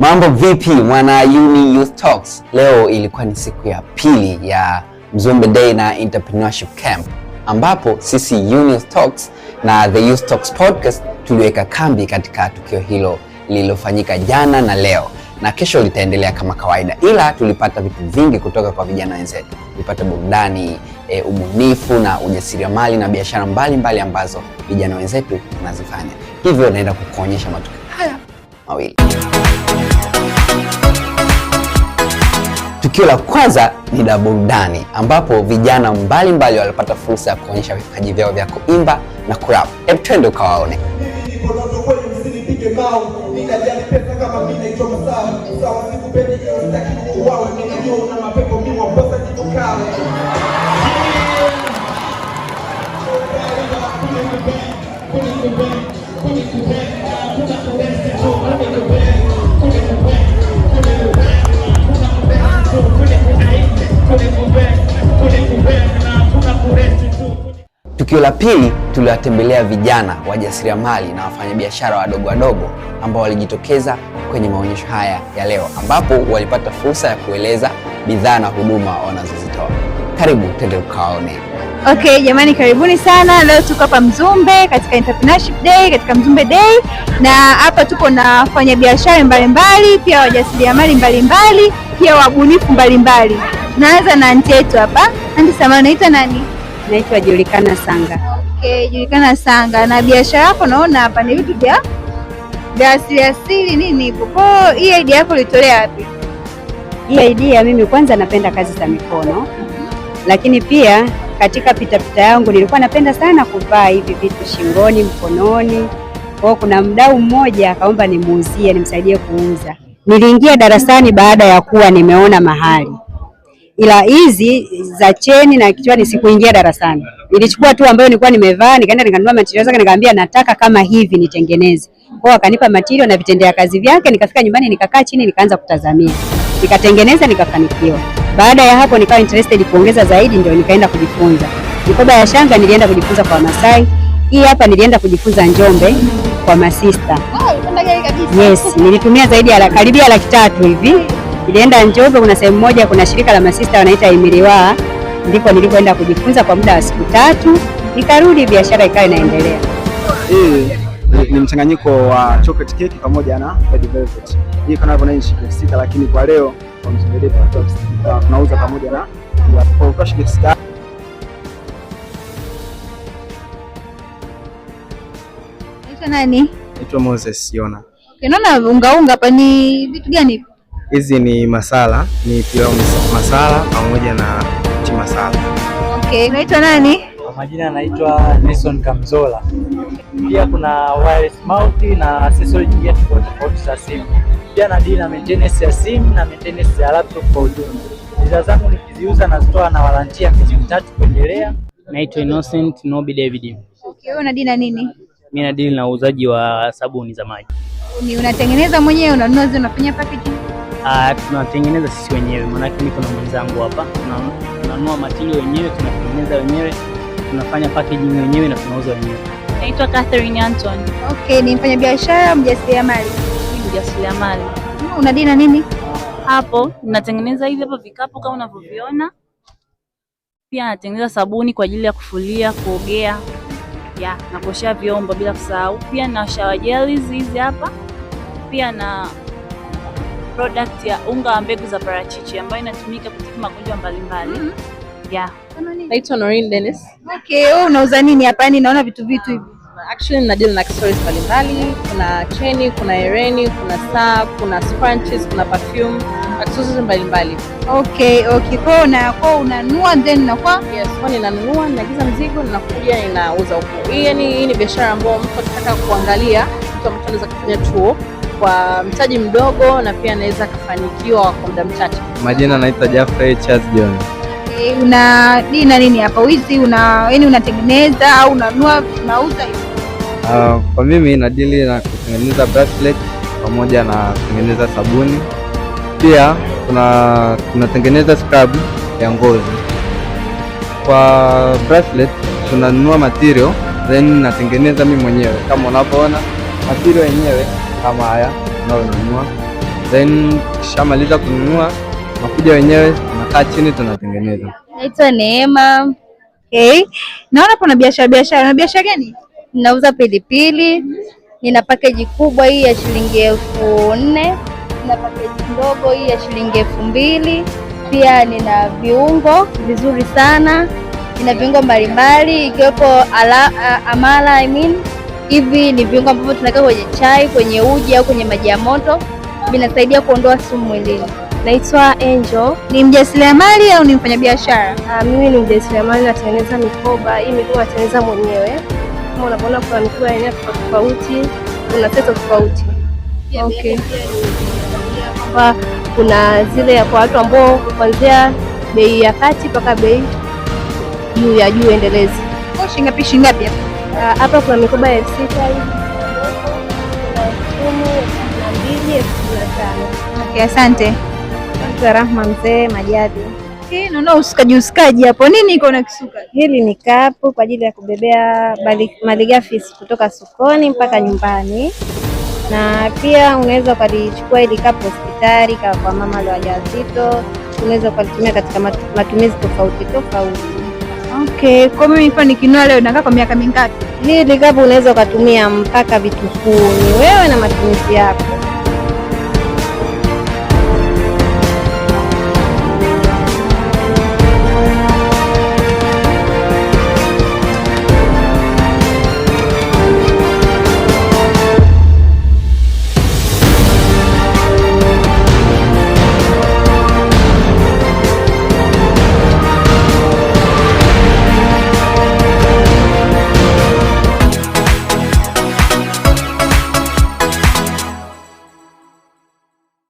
Mambo vipi mwana Uni Youth Talks? Leo ilikuwa ni siku ya pili ya Mzumbe Day na Entrepreneurship Camp ambapo sisi Uni Youth Talks na The Youth Talks Podcast tuliweka kambi katika tukio hilo lililofanyika jana na leo na kesho litaendelea kama kawaida, ila tulipata vitu vingi kutoka kwa vijana wenzetu. Tulipata burudani e, ubunifu na ujasiriamali na biashara mbalimbali ambazo vijana wenzetu wanazifanya, hivyo naenda kukuonyesha matukio mawili. Tukio la kwanza ni la burudani ambapo vijana mbalimbali walipata fursa ya kuonyesha vipaji vyao vya kuimba na kurap. Hebu twende ukawaone. Tukio la pili tuliwatembelea vijana wajasiriamali na wafanyabiashara wadogo wadogo ambao walijitokeza kwenye maonyesho haya ya leo, ambapo walipata fursa ya kueleza bidhaa na huduma wanazozitoa. Karibu tende ukaone. Okay jamani, karibuni sana. Leo tuko hapa Mzumbe katika Entrepreneurship Day, katika Mzumbe Day, na hapa tuko na wafanyabiashara mbalimbali, pia wajasiriamali mbalimbali, pia wabunifu mbalimbali mbali. Tunaanza na ntetu yetu hapa. Anti Samba, unaitwa nani? Naitwa Julikana Sanga. Okay, Julikana Sanga, na biashara yako naona hapa ni vitu vya vya asili asili nini hivyo. Kwa hiyo hii idea yako ulitolea wapi? Hii idea mimi kwanza napenda kazi za mikono, lakini pia katika pitapita yangu nilikuwa napenda sana kuvaa hivi vitu shingoni, mkononi. Kwa kuna mdau mmoja akaomba nimuuzie, nimsaidie kuuza. Niliingia darasani baada ya kuwa nimeona mahali ila hizi za cheni na kichwani sikuingia darasani. Nilichukua tu ambayo nilikuwa nimevaa, nikaenda nikanunua material zake, nikamwambia nataka kama hivi nitengeneze. Kwa hiyo akanipa material na vitendea kazi vyake, nikafika nyumbani nikakaa chini nikaanza kutazamia, nikatengeneza nikafanikiwa. Baada ya hapo nikawa interested kuongeza zaidi, ndio nikaenda kujifunza. Mikoba ya shanga nilienda kujifunza kwa Masai, hii hapa nilienda kujifunza Njombe kwa masista. Oh, yes, nilitumia zaidi ya karibia laki tatu hivi Nilienda Njombe, kuna sehemu moja, kuna shirika la masista wanaita Imiriwa, ndiko nilipoenda kujifunza kwa muda wa siku tatu, nikarudi, biashara ikawa inaendelea. Hii ni mchanganyiko wa chocolate cake pamoja na red velvet. Hii kama unavyoona shilingi sita, lakini kwa leo uh, tunauza pamoja na kwa shilingi sita. Nani? Naitwa Moses Yona. Okay, naona unga unga hapa ni vitu gani? hivi? Hizi ni masala, ni pilau masala pamoja na mti masala. Okay, unaitwa nani? Kwa majina anaitwa Nelson Kamzola. Pia kuna wireless mount na accessory nyingine tofauti tofauti za simu. Pia na deal na maintenance ya simu na maintenance ya laptop kwa ujumla. Bidhaa zangu nikiziuza nazitoa na warantia ya miezi mitatu kuendelea. Naitwa Innocent Nobi David. Okay, wewe una deal na nini? Mimi na deal na uuzaji wa sabuni za maji. Ni unatengeneza mwenyewe, unanunua, unafanya packaging? Ah, tunatengeneza sisi wenyewe, maanake niko na mwenzangu hapa, tunanunua matili wenyewe, tunatengeneza wenyewe, tunafanya packaging wenyewe na tunauza wenyewe. Naitwa Catherine Anton. Okay, ni mfanyabiashara mjasiriamali. Mjasiriamali. Mm, una dini na nini? Hapo natengeneza hivi hapa vikapu kama unavyoviona, pia natengeneza sabuni kwa ajili ya kufulia, kuogea ya na kuoshea vyombo, bila kusahau pia na shower gels hizi hapa pia na product ya unga wa mbegu za parachichi ambayo inatumika kutibu magonjwa mbalimbali. mm -hmm. Yeah. Naitwa Noreen Dennis. Okay, wewe unauza nini hapa? Yaani naona vitu vitu hivi. Actually nina deal na accessories mbalimbali, kuna cheni, kuna ereni, kuna saa, kuna scrunchies, kuna perfume, accessories mbalimbali. Okay, okay. Kwa hiyo na kwa unanunua then na kwa? Yes, kwa ninanunua, ninaagiza mzigo, ninakuja ninauza huko. Hii ni yaani, hii ni biashara ambayo mtu akitaka kuangalia, mtu anaweza kufanya chuo kwa mtaji mdogo na pia anaweza akafanikiwa kwa muda mchache. Majina anaitwa Jafrey Charles John. E, una na nini hapa wizi, una yani unatengeneza au unanua unauza? Uh, kwa mimi nadili na kutengeneza bracelet pamoja na kutengeneza sabuni, pia kuna tunatengeneza scrub ya ngozi. Kwa bracelet tunanunua material then natengeneza mimi mwenyewe kama unavyoona material yenyewe kama haya unayonunua, then kishamaliza kununua nakuja wenyewe tunakaa chini tunatengeneza. Naitwa Neema. Okay. Naona pana biashara biashara, na biashara gani? Ninauza pilipili, nina pakeji kubwa hii ya shilingi elfu nne nina pakeji ndogo hii ya shilingi elfu mbili Pia nina viungo vizuri sana, nina viungo mbalimbali ikiwepo amala I mean Hivi ni viungo ambavyo tunaweka kwenye chai, kwenye uji au kwenye maji ya moto, vinasaidia kuondoa sumu mwilini. Naitwa Angel. Ni mjasiriamali au ni mfanyabiashara? Ah, mimi ni mjasiriamali, natengeneza mikoba. Hii mikoba natengeneza mwenyewe, kama unavyoona kuna mikoba ya aina tofauti, kuna seti tofauti. Okay. Kwa kuna zile ya kwa watu ambao kuanzia bei ya kati mpaka bei juu ya juu endelezi. Shilingi ngapi shilingi ngapi? Eh, hapa kuna mikoba ya elfu sita hivi tano. Asante Rahma mzee Majadi. Naona usukaji usukaji hapo, nini iko na kisuka? Hili ni kapu kwa ajili ya kubebea malighafi kutoka sokoni mpaka nyumbani, na pia unaweza ukalichukua hili kapu hospitali kwa mama wajawazito, unaweza ukalitumia katika matumizi tofauti tofauti. Okay, kwa mimi mfano nikinua leo nakaa kwa miaka mingapi? Hii likapu unaweza ukatumia mpaka vitu kumi, wewe na matumizi yako.